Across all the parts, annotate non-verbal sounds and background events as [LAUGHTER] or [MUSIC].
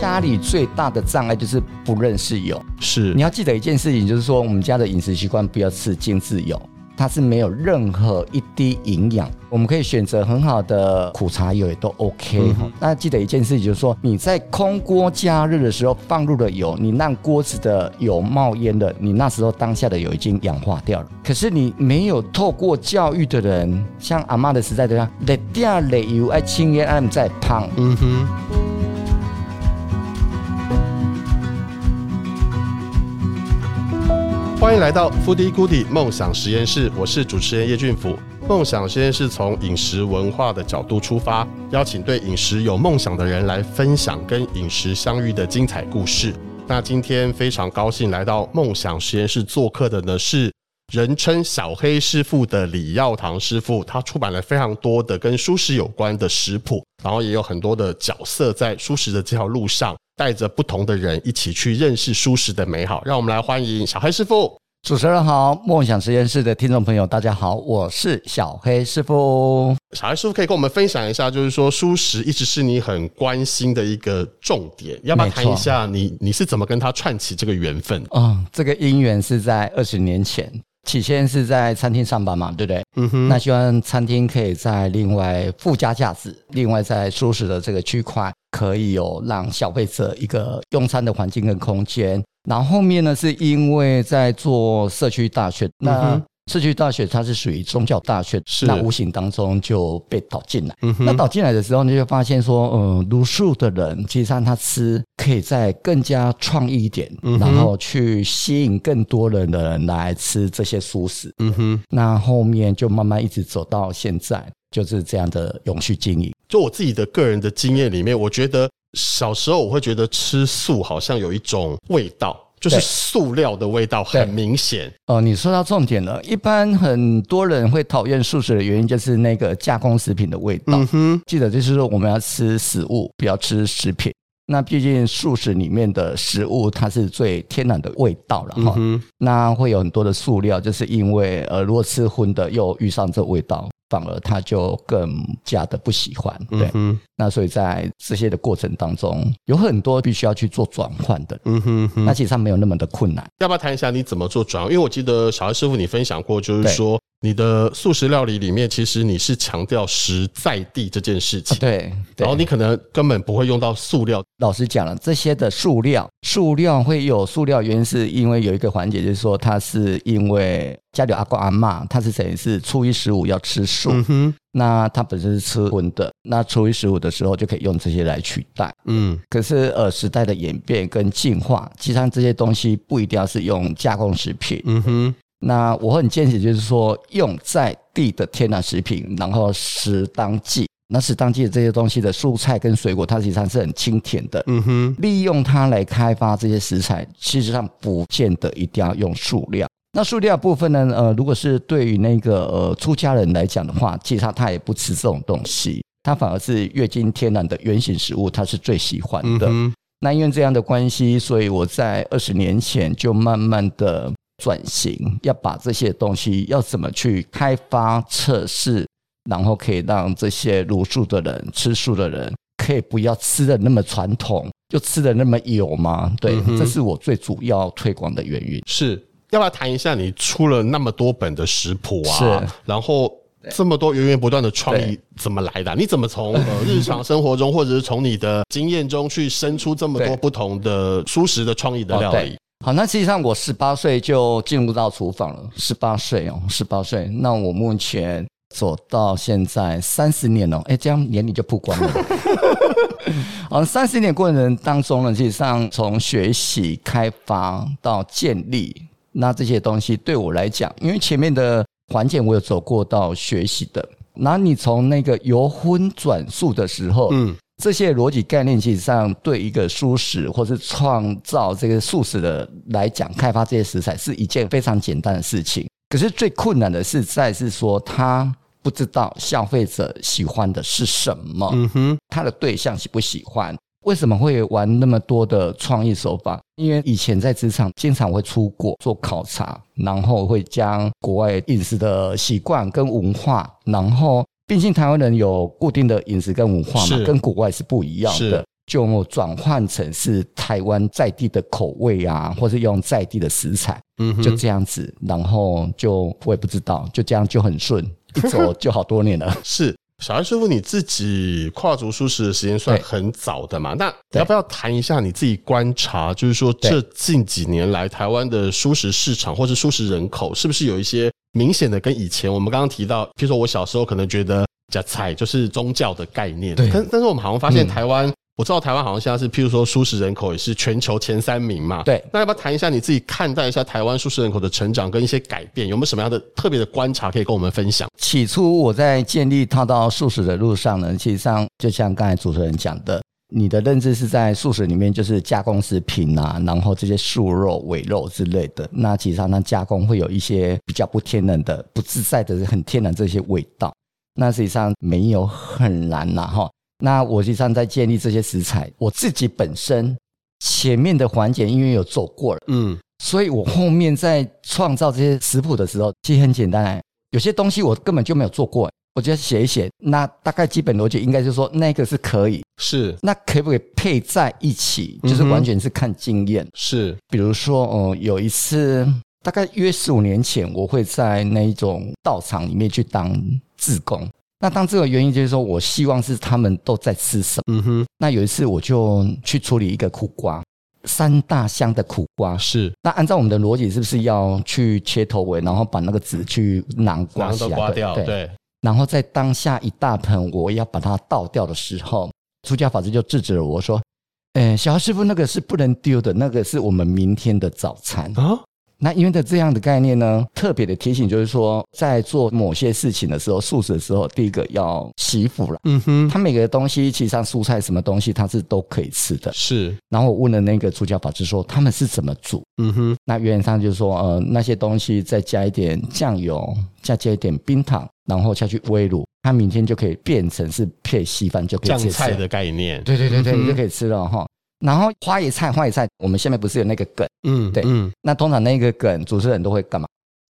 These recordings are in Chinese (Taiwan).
家裡最大的障礙就是不認識油。是，你要記得一件事情，就是說我們家的飲食習慣不要吃精制油，它是沒有任何一滴營養。我們可以選擇很好的苦茶油也都 OK，嗯、那記得一件事情，就是說你在空鍋加熱的時候放入了油，你讓鍋子的油冒煙了，你那時候當下的油已經氧化掉了。可是你沒有透過教育的人，像阿媽的時代這樣，第二熱油愛輕煙愛在胖。嗯哼。歡迎來到 Foodie Goodie 夢想實驗室，我是主持人葉俊甫。夢想實驗室從飲食文化的角度出發，邀請對飲食有夢想的人來分享跟飲食相遇的精彩故事。那今天非常高興來到夢想實驗室做客的呢，是人稱小黑師傅的李耀堂師傅，他出版了非常多的跟蔬食有關的食譜，然後也有很多的角色在蔬食的這條路上，帶着不同的人一起去認識蔬食的美好。讓我們來歡迎小黑師傅。主持人好，夢想食驗室的聽眾朋友，大家好，我是小黑師傅。小黑師傅可以跟我們分享一下，就是說蔬食一直是你很關心的一個重點，要不要談一下你你,你是怎麼跟他串起這個緣分？嗯，這個姻緣是在二十年前，起先是在餐廳上班嘛，對不對？嗯哼，那希望餐廳可以在另外附加價值，另外在蔬食的這個區塊，可以有讓消費者一個用餐的環境跟空間。然後後面呢，是因為在做社區大學，那社區大學它是屬於宗教大學，是。那無形當中就被導進來。嗯、那導進來的時候，你就發現說，嗯，茹素的人其實他吃可以再更加創意一點、嗯，然後去吸引更多的人來吃這些素食。嗯哼，那後面就慢慢一直走到現在，就是這樣的永續經營。就我自己的個人的經驗裡面，我覺得。小時候我會覺得吃素好像有一種味道，就是素料的味道很明顯。哦，你說到重點了。一般很多人會討厭素食的原因就是那個加工食品的味道。嗯哼，記得就是說我們要吃食物，不要吃食品。那畢竟素食裡面的食物它是最天然的味道了哈、嗯。那會有很多的素料，就是因為呃，如果吃葷的又遇上這味道。反而他就更加的不喜歡，對、嗯，那所以在這些的過程當中，有很多必須要去做轉換的，嗯哼，哼。那其實他沒有那麼的困難、嗯。要不要談一下你怎麼做轉換？因為我記得小黑師傅你分享過，就是說。你的素食料理裡面，其實你是強調食在地這件事情。對，然後你可能根本不會用到素料。啊，老實講了，這些的素料，素料會有素料原因，是因為有一個環節，就是說它是因為家裡阿公阿嬤，他是等於是初一十五要吃素，嗯哼，那他本身是吃葷的，那初一十五的時候就可以用這些來取代。嗯，可是呃時代的演變跟進化，其實這些東西不一定要是用加工食品。嗯哼。那我很建議就是說用在地的天然食品，然後食當季，那食當季的這些東西的蔬菜跟水果，它實際上是很清甜的。嗯哼，利用它來開發這些食材，事實上不見得一定要用素料。那素料部分呢？呃，如果是對於那個呃出家人來講的話，其實他他也不吃這種東西，他反而是越近天然的原型食物，他是最喜歡的。嗯。那因為這樣的關係，所以我在二十年前就慢慢的。轉型，要把這些東西要怎麼去開發測試，然後可以讓這些茹素的人、吃素的人，可以不要吃的那麼傳統，就吃的那麼油嗎？對、嗯，這是我最主要推廣的原因。是，要不要談一下你出了那麼多本的食譜啊？是，然後這麼多源源不斷的創意怎麼來的、啊？你怎麼從日常生活中或者是從你的經驗中去生出這麼多不同的蔬食的創意的料理？好，那實際上我十八歲就進入到廚房了，十八歲哦，十八歲。那我目前走到現在三十年了，誒，這樣年齡就曝光了。啊，三十年過程當中呢，實際上從學習開發到建立，那這些東西對我來講，因為前面的環節我有走過到學習的。那你從那個由葷轉素的時候，嗯。這些邏輯概念，其實上對一個蔬食或是創造這個素食的來講，開發這些食材是一件非常簡單的事情。可是最困難的是在是說，他不知道消費者喜歡的是什麼，嗯哼，他的對象喜不喜歡？為什麼會玩那麼多的創意手法？因為以前在職場經常會出國做考察，然後會將國外飲食的習慣跟文化，然後。畢竟台灣人有固定的飲食跟文化嘛，跟國外是不一樣的，就轉換成是台灣在地的口味啊，或是用在地的食材，嗯，就這樣子，然後就我也不知道，就這樣就很順，一走就好多年了。 [LAUGHS] 是。小黑師傅，你自己跨足蔬食的時間算很早的嘛。那要不要談一下你自己觀察，就是說這近幾年來台灣的蔬食市場或者蔬食人口，是不是有一些明顯的跟以前我們剛剛提到，譬如說我小時候可能覺得加菜就是宗教的概念，對，但但是我們好像發現台灣。我知道台灣好像現在是，譬如說素食人口也是全球前三名嘛。對，那要不要談一下你自己看待一下台灣素食人口的成長跟一些改變，有沒有什麼樣的特別的觀察可以跟我們分享？起初我在建立套到素食的路上呢，其實上就像剛才主持人講的，你的認知是在素食裡面就是加工食品啊，然後這些素肉、偽肉之類的。那其實上那加工會有一些比較不天然的、不自在的、很天然這些味道。那實際上沒有很難吶哈。那我實際上在建立這些食材，我自己本身前面的環節，因為有做過了，嗯，所以我後面在創造這些食譜的時候，其實很簡單。有些東西我根本就沒有做過，我就寫一寫。那大概基本邏輯應該就是說，那個是可以，是那可以不可以配在一起，就是完全是看經驗。是，比如說，嗯，有一次大概約十五年前，我會在那一種道場裡面去當志工。那當這個原因就是說，我希望是他們都在吃什麼。嗯哼。那有一次我就去處理一個苦瓜，三大箱的苦瓜。是。那按照我們的邏輯，是不是要去切頭尾，然後把那個籽，去囊刮掉，對對？對。然後在當下一大盆我要把它倒掉的時候，出家法師就制止了我說：“嗯、欸，小黑師傅，那個是不能丟的，那個是我們明天的早餐啊。”那因為的這樣的概念呢，特別的提醒就是說，在做某些事情的時候，素食的時候，第一個要惜福了。嗯哼，它每個東西，其實像蔬菜什麼東西，它是都可以吃的。是。然後我問了那個主教法師說，他們是怎麼煮？嗯哼。那原上就是說，呃，那些東西再加一點醬油，再加一點冰糖，然後下去煨滷，它明天就可以變成是配稀飯就可以。醬菜的概念。對對對對，你就可以吃了哈。然後花椰菜，花椰菜，我們下面不是有那個梗？嗯，對，嗯，那通常那個梗，主持人都會幹嘛？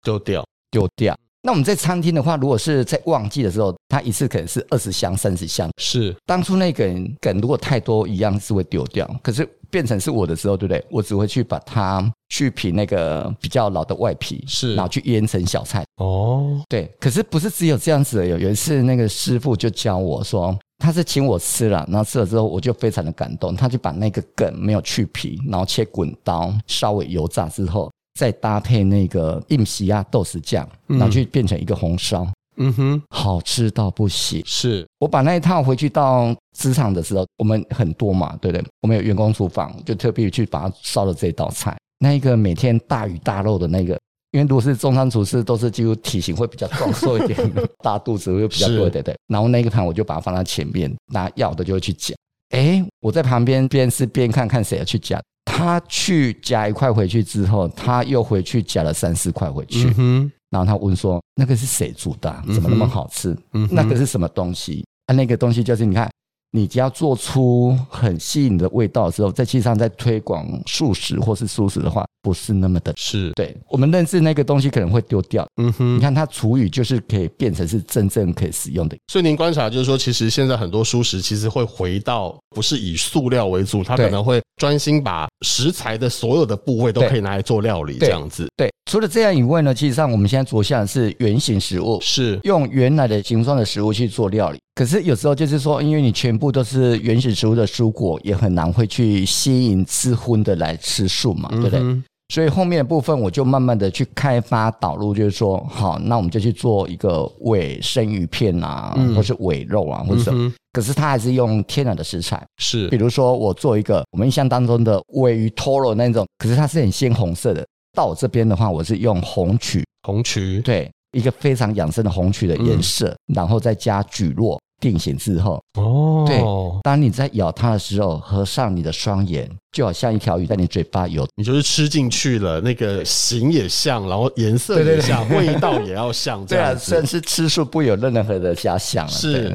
丟掉，丟掉。那我們在餐廳的話，如果是在旺季的時候，它一次可能是二十箱、三十箱。是，當初那個梗梗如果太多一樣是會丟掉。可是變成是我的時候，對不對？我只會去把它去皮那個比較老的外皮，是，然後去醃成小菜。哦，對，可是不是只有這樣子的？有有一次那個師傅就教我說。他是請我吃了，然後吃了之後我就非常的感動，他就把那個梗沒有去皮，然後切滾刀，稍微油炸之後，再搭配那個印尼啊豆豉醬，然後去變成一個紅燒。嗯，嗯哼，好吃到不行。是我把那一套回去到職場的時候，我們很多嘛，對不對，對？我們有員工廚房，就特別去把它燒了這一道菜，那一個每天大魚大肉的那個。因為如果是中餐廚師，都是就體型會比較壯碩一點，大肚子會比較多一點。 [LAUGHS] 對,對，然後那個盤我就把它放在前面，拿要的就去夾。哎，我在旁邊邊吃邊看看誰要去夾。他去夾一塊回去之後，他又回去夾了三四塊回去。嗯。然後他問說：“那個是誰煮的啊？怎麼那麼好吃？那個是什麼東西？”啊，那個東西就是你看。你只要做出很吸引的味道之後，在街上在推廣素食或是蔬食的話，不是那麼的是對，我們認知那個東西可能會丟掉。嗯哼，你看它廚餘就是可以變成是真正可以使用的。所以您觀察就是說，其實現在很多蔬食其實會回到不是以塑料為主，它可能會。專心把食材的所有的部位都可以拿來做料理，這樣子。對，對，除了這樣以外呢，其實上我們現在做下是原型食物，是用原來的形狀的食物去做料理。可是有時候就是說，因為你全部都是原型食物的蔬果，也很難會去吸引吃葷的來吃素嘛，對不對、嗯？所以後面的部分我就慢慢的去開發導入，就是說，好，那我們就去做一個偽生魚片啊，或是偽肉啊、嗯，或者什麼、嗯。可是它還是用天然的食材，是，比如說我做一個我們印象當中的鮪魚 toro 那種，可是它是很鮮紅色的。到我這邊的話，我是用紅麴，紅麴，對，一個非常養生的紅麴的顏色、嗯，然後再加蒟蒻定型之後，哦，對，當你在咬它的時候，合上你的雙眼。就好像一條魚在你嘴巴游，你就是吃進去了，那個形也像，然後顏色也像，味道也要像，對啊，算是吃素不有任何的想象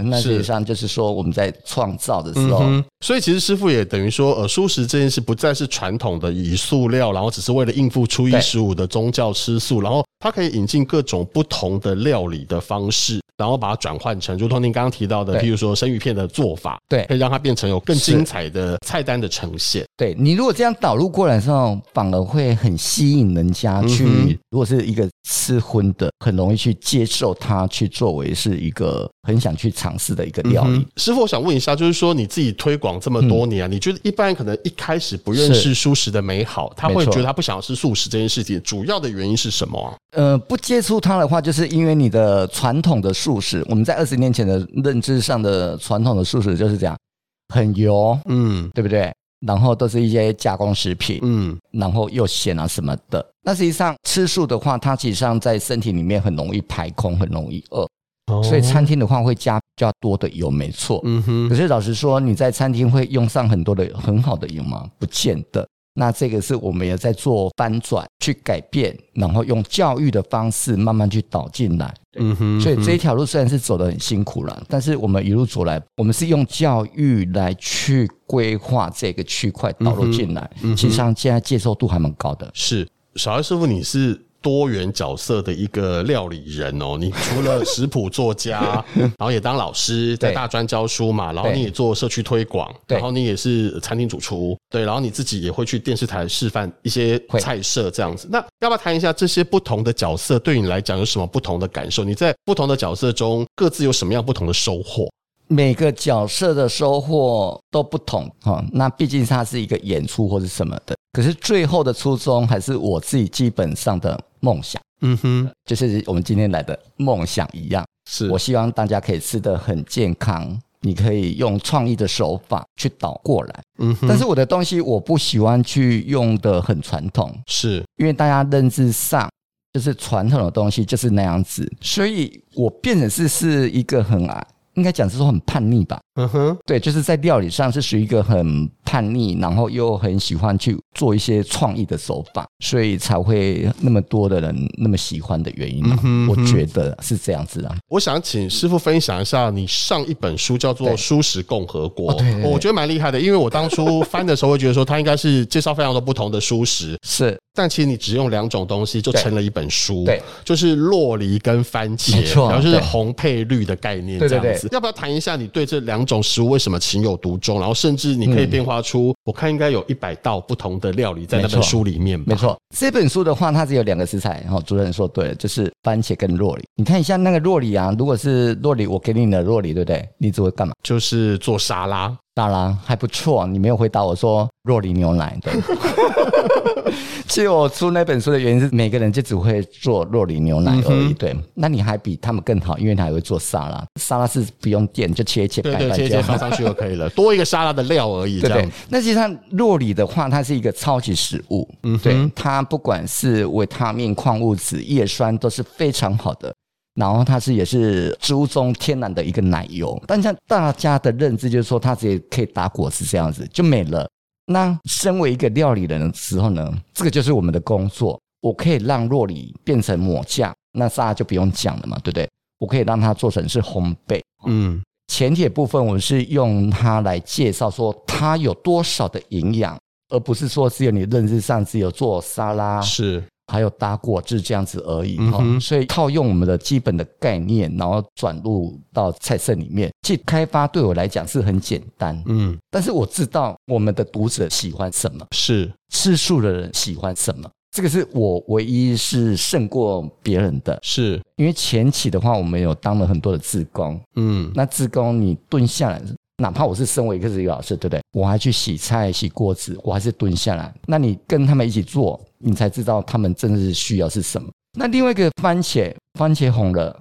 那、啊、是，事實上就是說我們在創造的時候、嗯，所以其實師傅也等於說，呃，素食這件事不再是傳統的以素料，然後只是為了應付初一十五的宗教吃素，然後它可以引進各種不同的料理的方式，然後把它轉換成，如同您剛剛提到的，譬如說生魚片的做法，對，可以讓它變成有更精彩的菜單的呈現。你如果這樣導入過來之後，反而會很吸引人家去。如果是一個吃葷的，很容易去接受它，去作為是一個很想去嘗試的一個料理，嗯。師傅，我想問一下，就是說你自己推廣這麼多年，啊，你覺得一般可能一開始不認識素食的美好，他會覺得他不想要吃素食這件事情，主要的原因是什麼，啊？嗯嗯，呃，不接觸它的話，就是因為你的傳統的素食，我們在二十年前的認知上的傳統的素食就是這樣。很油，嗯，對不對？然後都是一些加工食品，嗯，然後又鹹啊什麼的。那實際上吃素的話，它實際上在身體裡面很容易排空，很容易餓。哦。所以餐廳的話會加比較多的油，沒錯。嗯哼。可是老實說，你在餐廳會用上很多的，很好的油嗎？不見得。那這個是我們也在做翻轉，去改變，然後用教育的方式慢慢去導進來。嗯哼、嗯。所以這一條路雖然是走得很辛苦了，但是我們一路走來，我們是用教育來去規劃這個區塊導入進來。其嗯。實像現在接受度還蠻高的、嗯。嗯嗯、是，小黑師傅，你是？多元角色的一個料理人哦、喔，你除了食譜作家， [LAUGHS] 然後也當老師，在大專教書嘛，然後你也做社區推廣，然後你也是餐廳主廚，對，然後你自己也會去電視台示範一些菜色這樣子。那要不要談一下這些不同的角色對你來講有什麼不同的感受？你在不同的角色中各自有什麼樣不同的收穫？每個角色的收穫都不同哦，那畢竟它是一個演出或是什麼的。可是最後的初衷還是我自己基本上的夢想，嗯哼，就是我們今天來的夢想一樣，是我希望大家可以吃得很健康，你可以用創意的手法去倒過來，嗯哼，但是我的東西我不喜歡去用的很傳統，是因為大家認知上就是傳統的東西就是那樣子，所以我變成是是一個很啊，應該講是說很叛逆吧。嗯哼，對，就是在料理上是屬於一個很叛逆，然後又很喜歡去做一些創意的手法，所以才會那麼多的人那麼喜歡的原因嘛。Uh、-huh -huh. 我覺得是這樣子啊。我想請師傅分享一下，你上一本書叫做《蔬食共和國》，對哦、我覺得蠻厲害的，因為我當初翻的時候會覺得說，他應該是介紹非常多不同的蔬食， [LAUGHS] 是，但其實你只用兩種東西就成了一本書，對，對就是酪梨跟番茄，然後就是紅配綠的概念，這樣子對，對，對。要不要談一下你對這兩種食物為什麼情有獨鍾？然後甚至你可以變化出，我看應該有一百道不同的料理在那本書裡面吧？沒錯，這本書的話，它只有兩個食材。然後主持人說對了，就是番茄跟酪梨。你看一下那個酪梨啊，如果是酪梨，我給你的酪梨，對不對？你只會幹嘛？就是做沙拉。沙拉還不錯，你沒有回答我說酪梨牛奶對。 [LAUGHS] 其實我出那本書的原因是每個人就只會做酪梨牛奶而已，嗯，對。那你還比他們更好，因為他還會做沙拉，沙拉是不用電，就切切切切切，放上去就可以了， [LAUGHS] 多一個沙拉的料而已，對，對那其實際上酪梨的話，它是一個超級食物，嗯，對，它不管是維他命、礦物質、葉酸，都是非常好的。然後它是也是植物中天然的一個奶油，但像大家的認知就是說它直接可以打果汁這樣子就沒了。那身為一個料理人的時候呢，這個就是我們的工作。我可以讓酪梨變成抹醬，那沙拉就不用講了嘛，對不對？我可以讓它做成是烘焙。嗯，前提部分我們是用它來介紹說它有多少的營養，而不是說只有你認知上只有做沙拉是。還有搭過，就是這樣子而已哈、哦嗯。所以套用我們的基本的概念，然後轉入到菜色裡面去開發，對我來講是很簡單。嗯，但是我知道我們的讀者喜歡什麼，是吃素的人喜歡什麼，這個是我唯一是勝過別人的是。因為前期的話，我們有當了很多的志工，嗯，那志工你蹲下來。哪怕我是身為一個職業老師，對不對？我還去洗菜、洗鍋子，我還是蹲下來。那你跟他們一起做，你才知道他們真正需要是什麼。那另外一個番茄，番茄紅了，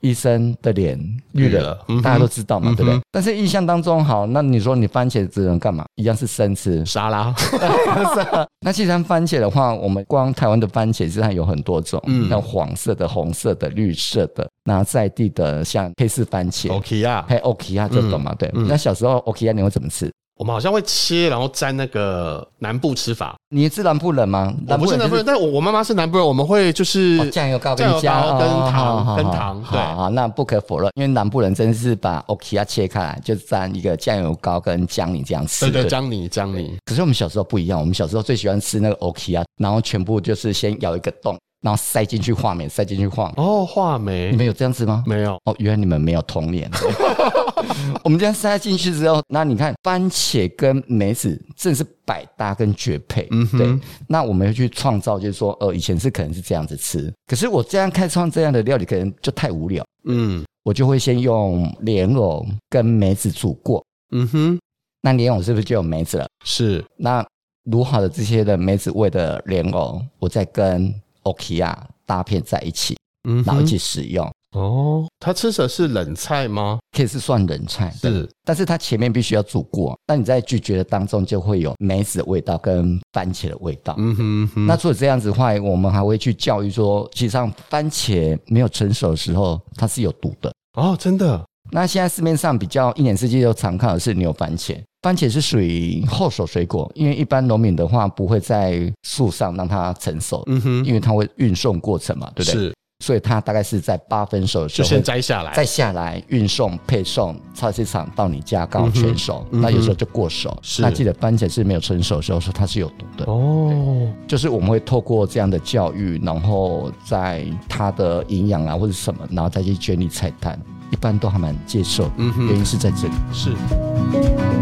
醫生的臉綠了，大家都知道嘛，嗯、對不對？嗯、但是印象當中，好，那你說你番茄只能幹嘛？一樣是生吃沙拉。 [LAUGHS] [LAUGHS] 那其實番茄的話，我們光台灣的番茄實際上有很多種，嗯，黃色的、紅色的、綠色的。拿在地的像黑色番茄，okia，還 okia 就懂嘛？嗯、對、嗯。那小時候 okia 你會怎麼吃？我們好像會切，然後沾那個南部吃法。你是南部人嗎？人就是，我不是南部人，但我我媽媽是南部人，我們會就是醬、哦、油膏加、醬油跟糖跟糖。對啊，那不可否認，因為南部人真的是把 okia 切開來，就沾一個醬油膏跟薑泥這樣吃。對的薑泥薑泥，泥，泥。可是我們小時候不一樣，我們小時候最喜歡吃那個 okia，然後全部就是先咬一個洞。然後塞進去話梅，塞進去話。哦，話梅，你們有這樣子嗎？沒有哦，原來你們沒有童年。 [LAUGHS] [LAUGHS] [LAUGHS] 我們這樣塞進去之後，那你看，番茄跟梅子正是百搭跟絕配。嗯哼，對。那我們要去創造，就是說，呃，以前是可能是這樣子吃，可是我這樣開創這樣的料理，可能就太無聊。嗯，我就會先用蓮藕跟梅子煮過。嗯哼，那蓮藕是不是就有梅子了？是。那滷好的這些的梅子味的蓮藕，我再跟。OK 啊，搭配在一起，嗯，然後一起食用。哦，他吃的是冷菜嗎？可以是算冷菜，是，但是它前面必須要煮過。那你在咀嚼的當中就會有梅子的味道跟番茄的味道。嗯哼，哼，那除了這樣子的話，我們還會去教育說，其實上番茄沒有成熟的時候它是有毒的。哦，真的。那現在市面上比較一年四季都常看的是牛番茄，番茄是屬於後熟水果，因為一般農民的話不會在樹上讓它成熟，嗯哼，因為它會運送過程嘛，對不對？是，所以它大概是在八分熟的時候先摘下來，再下來運送配送，菜市場到你家剛好全熟，那有時候就過熟，那記得番茄是沒有成熟的時候說它是有毒的哦，就是我們會透過這樣的教育，然後在它的營養啊或者什麼，然後再去建立菜單。一般都還蠻接受，原、嗯、因是在這裡是。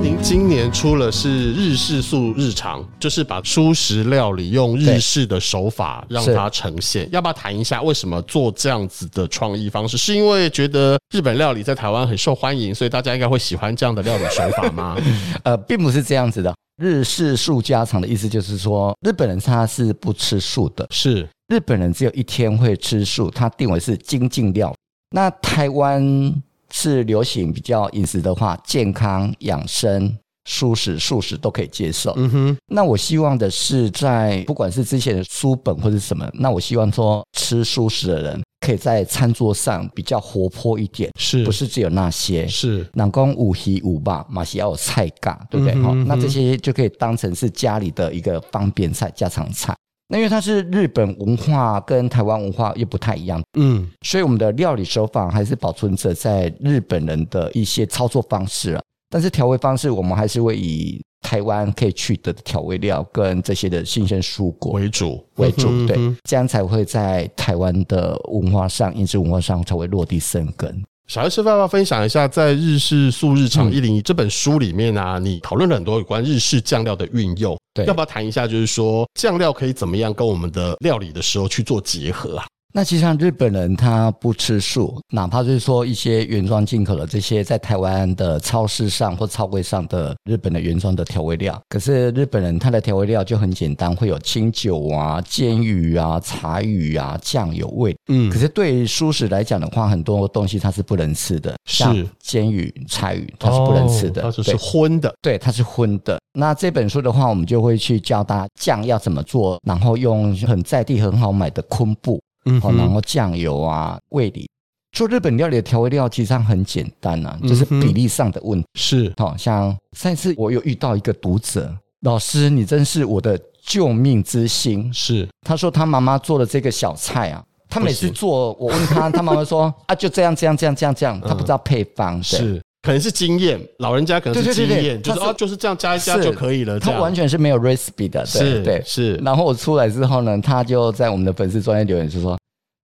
您今年出了是日式素家常，就是把蔬食料理用日式的手法讓它呈現，要不要談一下為什麼做這樣子的創意方式？是因為覺得日本料理在台灣很受歡迎，所以大家應該會喜歡這樣的料理手法嗎？ [LAUGHS] 呃，並不是這樣子的，日式素家常的意思就是說，日本人他是不吃素的，是日本人只有一天會吃素，他定為是精進料理。那台灣？是流行比較飲食的話，健康養生、蔬食、素食都可以接受。嗯哼，那我希望的是，在不管是之前的書本或是什麼，那我希望說吃蔬食的人可以在餐桌上比較活潑一點是是不是只有那些是？有有是人講有魚有肉嘛是要有菜咖，對不對、嗯？哈、嗯，那這些就可以當成是家裡的一個方便菜、家常菜。那因為它是日本文化跟台灣文化又不太一樣，嗯，所以我們的料理手法還是保存着在日本人的一些操作方式啦，但是調味方式我們還是會以台灣可以取得的調味料跟這些的新鮮蔬果為主為主，對，這樣才會在台灣的文化上、飲食文化上才會落地生根。小葉師傅，要不要分享一下在《日式素家常一零一》這本書裡面啊？你討論了很多有關日式醬料的運用，對，要不要談一下？就是說醬料可以怎麼樣跟我們的料理的時候去做結合啊？那其實像日本人他不吃素，哪怕就是說一些原裝進口的這些在台灣的超市上或超櫃上的日本的原裝的調味料，可是日本人他的調味料就很簡單，會有清酒啊、煎魚啊、柴魚啊、醬油味。嗯，可是對於素食來講的話，很多東西他是不能吃的，是像煎魚、柴魚他是不能吃的，哦，它是葷的，對，它是葷的。那這本書的話，我們就會去教他醬要怎麼做，然後用很在地很好買的昆布。嗯、然後醬油啊，味醂做日本料理的調味料，其實上很簡單吶、啊嗯，就是比例上的問題。是，好像上一次我有遇到一個讀者，老師，你真是我的救命之星。是，他說他媽媽做的這個小菜啊，他每次做，我問他，他媽媽說 [LAUGHS] 啊，就這樣，這樣，這樣，這樣，這樣，他不知道配方的、嗯、是。可能是經驗，老人家可能是經驗，對對對對就是說、哦、是就是這樣加一加就可以了，他完全是沒有 recipe 的，對對。是。然後我出來之後呢，他就在我們的粉絲專頁留言就是說：“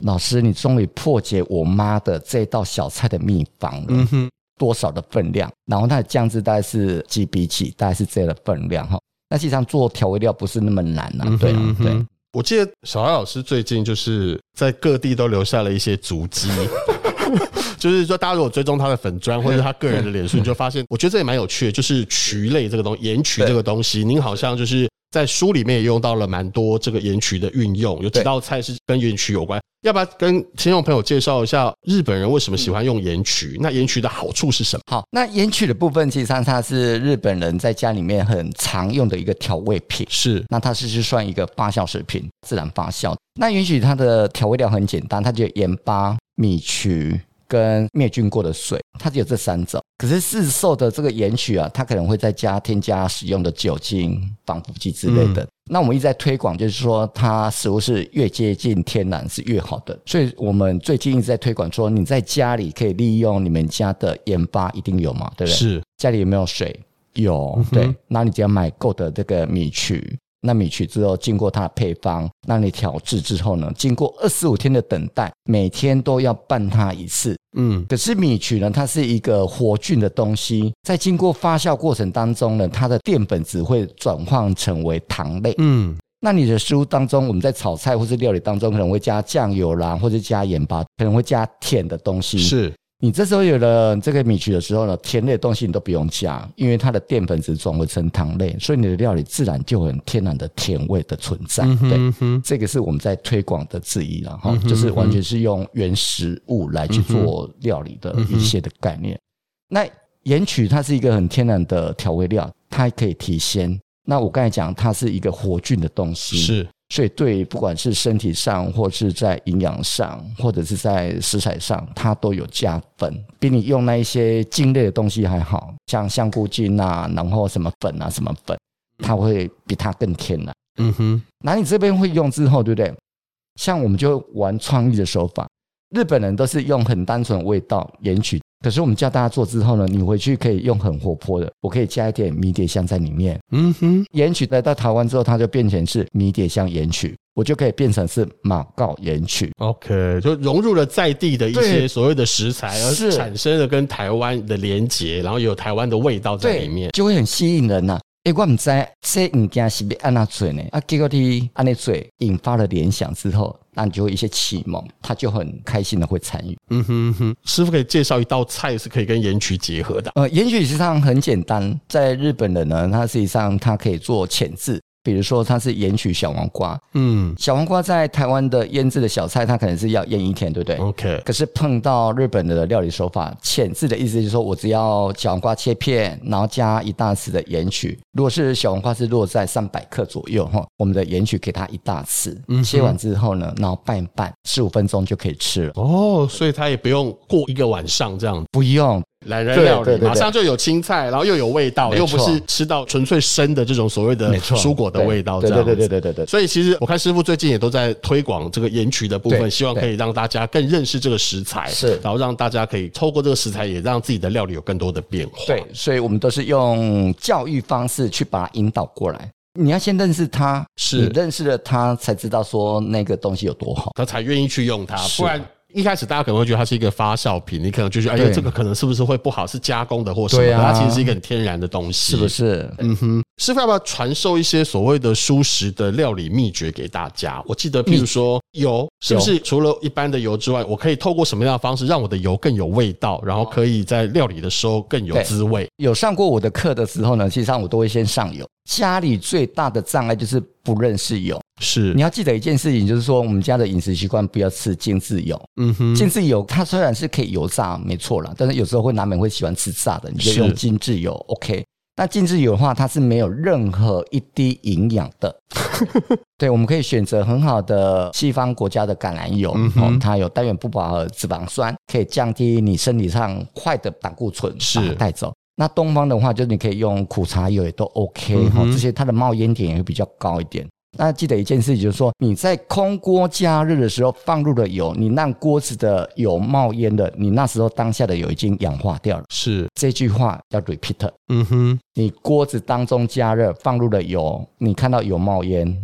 老師，你終於破解我媽的這道小菜的秘方了、嗯，多少的分量？然後它的醬汁大概是幾比幾？大概是這樣的分量哈。那其實際上做調味料不是那麼難啊，嗯、對啊對。”我記得小黑老師最近就是在各地都留下了一些足跡， [LAUGHS] 就是說，大家如果追蹤他的粉專或者他個人的臉書，你就發現，我覺得這也蠻有趣的，就是麴類這個東，鹽麴這個東西，您好像就是。在書裡面也用到了蠻多這個鹽麴的運用，有幾道菜是跟鹽麴有關。要不要跟聽眾朋友介紹一下日本人為什麼喜歡用鹽麴？那鹽麴的好處是什麼？好，那鹽麴的部分，實際上它是日本人在家裡面很常用的一個調味品。是，那它是是算一個發酵食品，自然發酵。那鹽麴它的調味料很簡單，它就鹽巴、米麴。跟滅菌過的水，它只有這三種。可是市售的這個鹽麴啊，它可能會在家添加使用的酒精、防腐劑之類的，嗯。那我們一直在推廣，就是說它似乎是越接近天然是越好的。所以我們最近一直在推廣，說你在家裡可以利用你們家的鹽巴，一定有嘛，對不對？是家裡有沒有水？有，嗯、對。那你只要買夠的這個米麴。那米曲之後，經過它的配方，那你調製之後呢，經過二十五天的等待，每天都要拌它一次。嗯，可是米曲呢，它是一個活菌的東西，在經過發酵過程當中呢，它的澱粉只會轉換成為糖類。嗯，那你的書當中，我們在炒菜或是料理當中可能會加醬油啦，或是加鹽巴，可能會加甜的東西。是。你這時候有了這個米曲的時候呢，甜類的東西你都不用加，因為它的澱粉質轉化成糖類，所以你的料理自然就很天然的甜味的存在、嗯。嗯、對，這個是我們在推廣的質疑了哈，就是完全是用原食物來去做料理的一些的概念、嗯。嗯、那鹽曲它是一個很天然的調味料，它還可以提鮮。那我剛才講，它是一個活菌的東西，是。所以，對，不管是身體上，或是在營養上，或者是在食材上，它都有加分，比你用那一些精類的東西還好，像香菇精啊，然後什麼粉啊，什麼粉，它會比它更天然。嗯哼，那你這邊會用之後，對不對？像我們就玩創意的手法。日本人都是用很單純味道鹽曲，可是我們教大家做之後呢，你回去可以用很活潑的，我可以加一點迷迭香在裡面。嗯哼，鹽曲來到台灣之後，它就變成是迷迭香鹽曲，我就可以變成是馬告鹽曲。OK，就融入了在地的一些所謂的食材，而產生了跟台灣的連結，然後有台灣的味道在裡面，就會很吸引人吶、啊。哎、欸，我不知道這個東西是不是安娜做呢，啊，結果你安娜做引發了聯想之後。那你就會一些啟蒙，他就很開心的會參與。嗯哼，嗯哼，師傅可以介紹一道菜是可以跟鹽麴結合的？呃，鹽麴實際上很簡單，在日本人呢，他實際上他可以做淺漬。比如說，它是鹽麴小黃瓜，嗯，小黃瓜在台灣的醃製的小菜，它可能是要醃一天，對不對？OK。可是碰到日本的料理手法，淺漬的意思就是說我只要小黃瓜切片，然後加一大匙的鹽麴。如果是小黃瓜是落在三百克左右哈，我們的鹽麴給它一大匙。嗯，切完之後呢，然後拌一拌，十五分鐘就可以吃了。哦，所以它也不用過一個晚上這樣，不用。來人料理，馬上就有青菜，對對對對，然後又有味道，又不是吃到純粹生的這種所謂的蔬果的味道。這樣。對對對對對，對。所以其實我看師傅最近也都在推廣這個鹽焗的部分，對對對對，希望可以讓大家更認識這個食材，是，然後讓大家可以透過這個食材，也讓自己的料理有更多的變化。對，所以我們都是用教育方式去把它引導過來。你要先認識它，是，你認識了它才知道說那個東西有多好，他才願意去用它，不然。一開始大家可能會覺得它是一個發酵品，你可能就覺得，哎這個可能是不是會不好？是加工的或什麼？它其實是一個很天然的東西，啊是是嗯，是不是？嗯哼，師傅要不要傳授一些所謂的蔬食的料理秘訣給大家？我記得，譬如說油，是不是除了一般的油之外，我可以透過什麼樣的方式讓我的油更有味道，然後可以在料理的時候更有滋味？有上過我的課的時候呢，其實上我都會先上油。家裡最大的障礙就是不認識油。是，你要記得一件事情，就是說我們家的飲食習慣不要吃精製油。嗯哼，精製油它雖然是可以油炸，沒錯啦，但是有時候會難免會喜歡吃炸的，你就用精製油。OK，那精製油的話，它是沒有任何一滴營養的。 [LAUGHS] 對，我們可以選擇很好的西方國家的橄欖油，嗯、哼、哦，它有單元不飽和脂肪酸，可以降低你身體上壞的膽固醇，把它是帶走。那東方的話，就是你可以用苦茶油，也都 OK 哈、哦嗯，這些它的冒煙點也會比較高一點。那記得一件事情，就是說你在空鍋加熱的時候放入了油，你讓鍋子的油冒煙了，你那時候當下的油已經氧化掉了是。是這句話叫 repeat。嗯哼，你鍋子當中加熱放入了油，你看到油冒煙，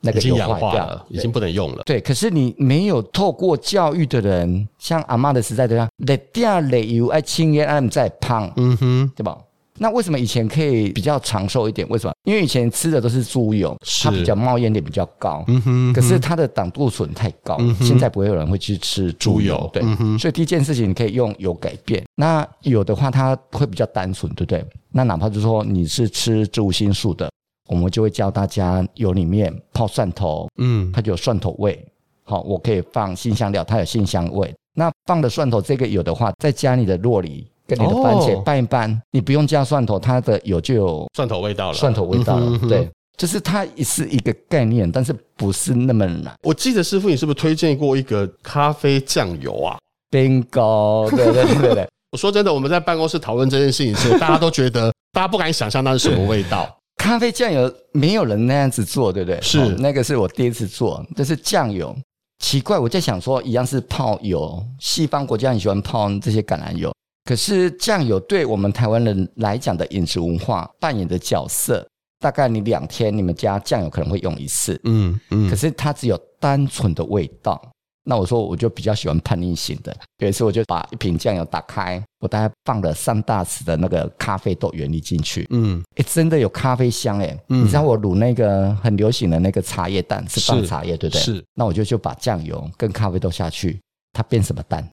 那個油已經氧化了，掉了，已經不能用了。對，可是你沒有透過教育的人，像阿媽的時代這樣，第二類油要輕煙你再烹。嗯哼，對吧？那為什麼以前可以比較長壽一點？為什麼？因為以前吃的都是豬油是，它比較冒煙點比較高嗯哼，嗯哼。可是它的膽固醇太高，嗯，現在不會有人會去吃豬油，油。對、嗯。所以第一件事情你可以用油改變。那有的話，它會比較單純，對不對？那哪怕就是說你是吃植物性素的，我們就會教大家油裡面泡蒜頭。嗯。它就有蒜頭味。好，我可以放辛香料，它有辛香味。那放了蒜頭，這個有的話，再加你的酪梨。跟你的番茄拌一拌，你不用加蒜頭，它的油就有蒜頭味道了，蒜頭味道了。對，就是它也是一個概念，但是不是那麼難。我記得師傅，你是不是推薦過一個咖啡醬油啊？Bingo，對對對對，對。 [LAUGHS] 我說真的，我們在辦公室討論這件事情的時候，大家都覺得，大家不敢想象那是什麼味道。 [LAUGHS] 咖啡醬油沒有人那樣子做，對不對？是，那個是我第一次做，就是醬油。奇怪，我在想說，一樣是泡油，西方國家很喜歡泡這些橄欖油。可是醬油對我們臺灣人來講的飲食文化扮演的角色，大概你兩天你們家醬油可能會用一次嗯，嗯嗯。可是它只有單純的味道。那我說，我就比較喜歡叛逆型的，有一次我就把一瓶醬油打開，我大概放了三大匙的那個咖啡豆原粒進去，嗯，哎、欸，真的有咖啡香誒、欸、你知道我滷那個很流行的那個茶葉蛋是放茶葉對不對？是，是。那我就就把醬油跟咖啡豆下去，它變什麼蛋？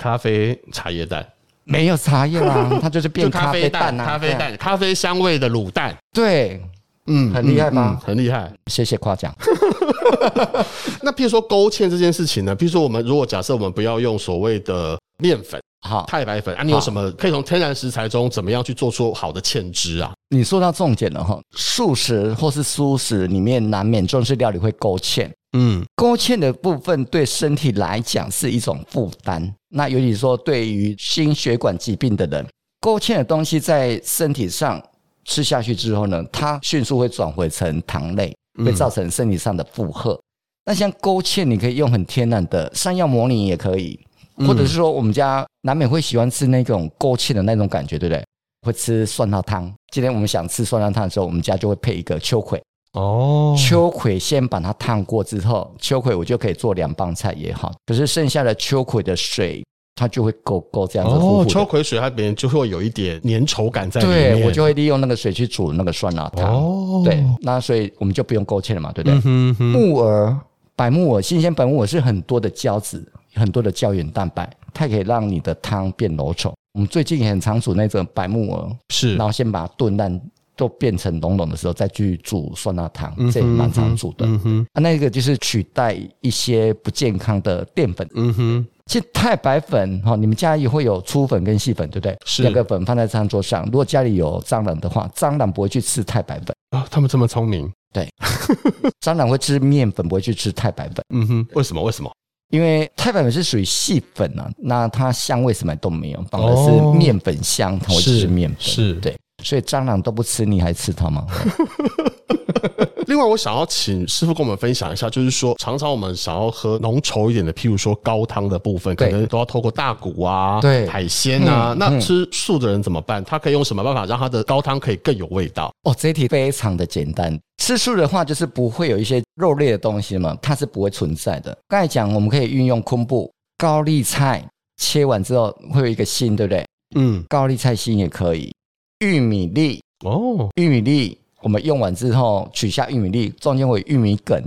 咖啡茶葉蛋。沒有茶葉啊，它就是變咖啡蛋吶， [LAUGHS] 咖啡蛋，咖啡，咖啡香味的滷蛋。對，嗯，很厲害嗎？嗯、很厲害，謝謝誇獎。 [LAUGHS] [LAUGHS] 那譬如說勾芡這件事情呢？譬如說我們如果假設我們不要用所謂的麵粉，哈，太白粉啊，你有什麼可以從天然食材中怎麼樣去做出好的芡汁啊？你說到重點了哈，素食或是蔬食裡面難免中式料理會勾芡，嗯，勾芡的部分對身體來講是一種負擔。那尤其說對於心血管疾病的人，勾芡的東西在身體上吃下去之後呢，它迅速會轉回成糖類，會造成身體上的負荷。嗯。那像勾芡，你可以用很天然的山藥模擬，也可以，或者是說我們家難免會喜歡吃那種勾芡的那種感覺，對不對？會吃酸辣湯。今天我們想吃酸辣湯的時候，我們家就會配一個秋葵。哦、oh，秋葵先把它燙過之後，秋葵我就可以做涼拌菜也好。可是剩下的秋葵的水，它就會勾勾這樣子。哦，秋葵水它裡面就會有一點粘稠感在裡面。對，我就會利用那個水去煮那個酸辣湯。哦，對，那所以我們就不用勾芡了嘛，對不對？木耳，白木耳，新鮮白木耳是很多的膠質，很多的膠原蛋白，它可以讓你的湯變濃稠。我們最近也很常煮那種白木耳，是，然後先把它燉爛。都變成濃濃的時候，再去煮酸辣湯，這蠻常、常煮的。嗯哼嗯、哼啊，那個就是取代一些不健康的澱粉。嗯哼，其實太白粉哈，你們家也會有粗粉跟細粉，對不對？是。兩個粉放在餐桌上，如果家裡有蟑螂的話，蟑螂不會去吃太白粉啊。他們這麼聰明，對， [LAUGHS] 蟑螂會吃麵粉，不會去吃太白粉。嗯哼，為什麼？為什麼？因為太白粉是屬於細粉啊，那它香味什麼都沒有，反而是麵粉香，它、哦、會吃麵粉。是、是對。所以蟑螂都不吃，你還吃它嗎？Oh. [LAUGHS] 另外，我想要請師傅跟我們分享一下，就是說，常常我們想要喝濃稠一點的，譬如說高湯的部分，可能都要透過大骨啊，對海鮮啊、嗯嗯。那吃素的人怎麼辦？他可以用什麼辦法讓他的高湯可以更有味道？哦，這一題非常的簡單。吃素的話，就是不會有一些肉類的東西嘛，它是不會存在的。剛才講，我們可以運用昆布、高麗菜，切完之後會有一個芯，對不對？嗯，高麗菜芯也可以。玉米粒哦，oh. 玉米粒，我們用完之後取下玉米粒，中間為玉米梗，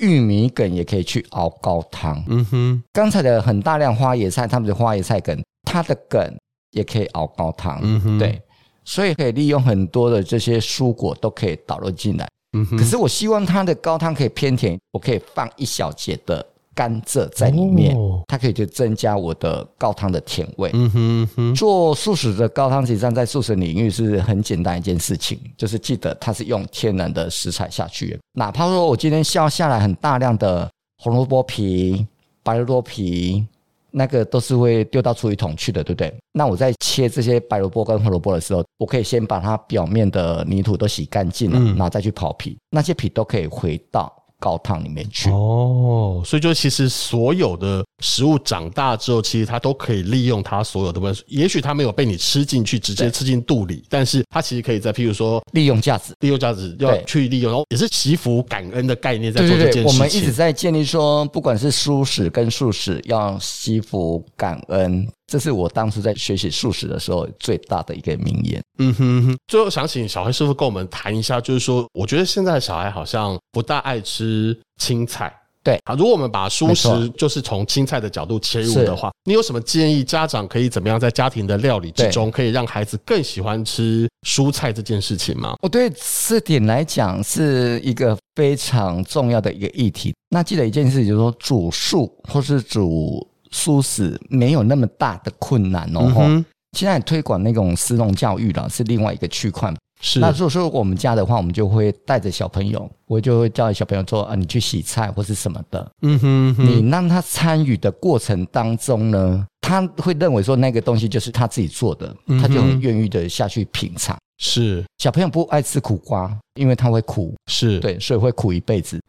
玉米梗也可以去熬高湯。嗯哼，剛才的很大量花椰菜，他們的花椰菜梗，它的梗也可以熬高湯。嗯哼，對，所以可以利用很多的這些蔬果都可以導入進來。嗯哼，可是我希望它的高湯可以偏甜，我可以放一小截的，甘蔗在裡面，它可以就增加我的高湯的甜味。嗯哼嗯哼。做素食的高湯實際上在素食領域是很簡單一件事情，就是記得它是用天然的食材下去。哪怕說我今天削下來很大量的紅蘿蔔皮、白蘿蔔皮，那個都是會丟到廚餘桶去的，對不對？那我在切這些白蘿蔔跟紅蘿蔔的時候，我可以先把它表面的泥土都洗乾淨了，嗯，然後再去刨皮，那些皮都可以回到。高湯裡面去哦，所以就其實所有的。食物長大之後，其實它都可以利用它所有的物質。也許它沒有被你吃進去，直接吃進肚裡，但是它其實可以在，譬如說，利用價值，利用價值要去利用，然後也是祈福感恩的概念在做這件事情。我們一直在建立說，不管是素食跟素食，要祈福感恩，這是我當初在學習素食的時候最大的一個名言。嗯哼，哼，最後想請小黑師傅跟我們談一下，就是說，我覺得現在小孩好像不大愛吃青菜。對啊，如果我們把蔬食就是從青菜的角度切入的話，你有什麼建議？家長可以怎麼樣在家庭的料理之中，可以讓孩子更喜歡吃蔬菜這件事情嗎？我對這點來講是一個非常重要的一個議題。那記得一件事情，就是說煮素或是煮蔬食沒有那麼大的困難哦。嗯、現在推廣那種食農教育了，是另外一個區塊。是，那如果說我們家的話，我們就會帶着小朋友，我就會叫小朋友說啊，你去洗菜或是什麼的。嗯哼，嗯哼，你讓他參與的過程當中呢，他會認為說那個東西就是他自己做的，嗯、他就很願意的下去品嘗。是，小朋友不愛吃苦瓜，因為他會苦，是對，所以會苦一輩子，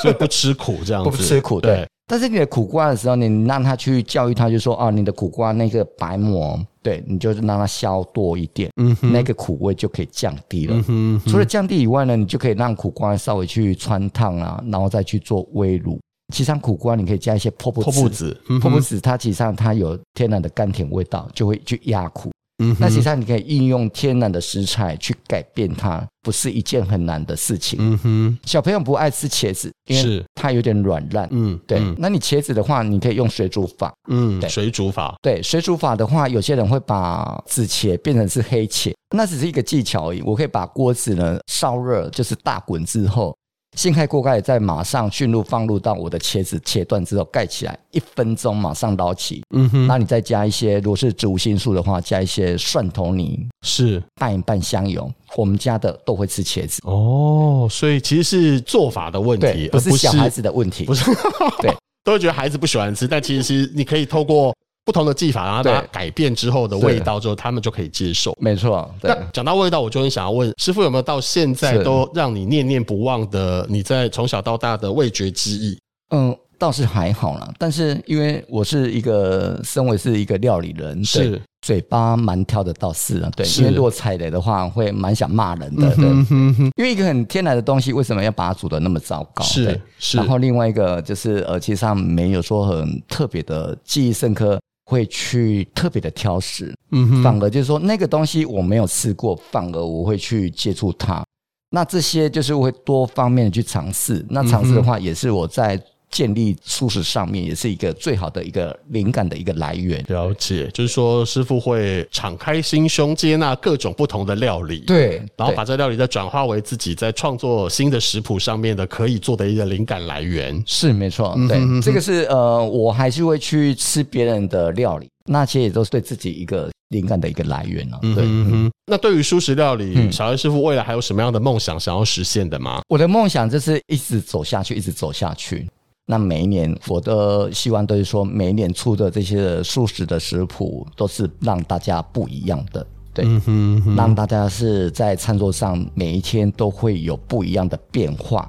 所以會苦一輩子 [LAUGHS] 所以不吃苦這樣子，不吃苦對，對。但是你的苦瓜的時候，你讓他去教育他，嗯、就說啊，你的苦瓜那個白膜。對，你就是讓它消多一點，嗯哼，那個苦味就可以降低了，嗯嗯。除了降低以外呢，你就可以讓苦瓜稍微去汆燙啊，然後再去做微滷。其實苦瓜你可以加一些破布子，破布子，嗯、破布子它其實它有天然的甘甜味道，就會去壓苦。嗯，那其實你可以運用天然的食材去改變它，不是一件很難的事情。嗯哼，小朋友不愛吃茄子，因為它有點軟爛。嗯，對。那你茄子的話，你可以用水煮法。嗯，對。水煮法。對，水煮法的話，有些人會把紫茄變成是黑茄，那只是一個技巧而已。我可以把鍋子呢燒熱，就是大滾之後。掀開鍋蓋，再馬上迅速放入到我的茄子，切段之後蓋起來，一分鐘馬上撈起。嗯哼，那你再加一些，如果是植物性素的話，加一些蒜頭泥，是拌一拌香油。我們家的都會吃茄子哦，所以其實是做法的問題，不是小孩子的問題，不是，不是對， [LAUGHS] 都會覺得孩子不喜歡吃，但其實是你可以透過。不同的技法，然後它改變之後的味道，之後他們就可以接受。對沒錯。那講到味道，我就很想要問師傅，有沒有到現在都讓你念念不忘的？你在從小到大的味覺記憶？嗯，倒是還好啦。但是因為我是一個身為是一個料理人，是嘴巴蠻挑的，倒是啊，對。因為如果踩雷的話，會蠻想罵人的，嗯哼哼哼。對，因為一個很天然的東西，為什麼要把它煮得那麼糟糕？是是。然後另外一個就是，其實上沒有說很特別的記憶深刻。會去特別的挑食，嗯，反而就是說那個東西我沒有吃過，反而我會去接觸它。那這些就是我會多方面的去嘗試。那嘗試的話，也是我在建立素食上面也是一個最好的一個靈感的一個來源對。了解，就是說師傅會敞開心胸，接納各種不同的料理，對，然後把這料理再轉化為自己在創作新的食譜上面的可以做的一個靈感來源。是，沒錯，嗯哼嗯哼，對，這個是呃，我還是會去吃別人的料理，那其實也都是對自己一個靈感的一個來源了、啊。對，嗯，哼嗯哼，那對於素食料理，嗯、小黑師傅未來還有什麼樣的夢想想要實現的嗎？我的夢想就是一直走下去，一直走下去。那每一年，我的希望都是說，每一年出的這些素食的食譜都是讓大家不一樣的，對，嗯哼嗯哼。讓大家是在餐桌上每一天都會有不一樣的變化，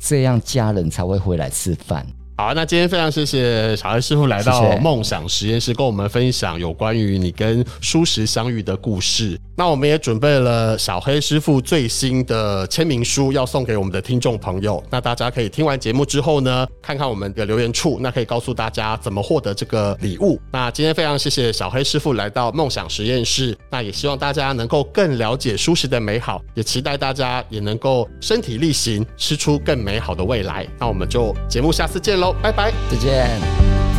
這樣家人才會回來吃飯。好啊，那今天非常謝謝小黑師傅來到夢想食驗室，謝謝，跟我們分享有關於你跟蔬食相遇的故事。那我們也準備了小黑師傅最新的簽名書，要送給我們的聽眾朋友。那大家可以聽完節目之後呢，看看我們的留言處，那可以告訴大家怎麼獲得這個禮物。那今天非常謝謝小黑師傅來到夢想食驗室。那也希望大家能夠更了解蔬食的美好，也期待大家也能夠身體力行，吃出更美好的未來。那我們就節目下次見嘍。好，拜拜，再見。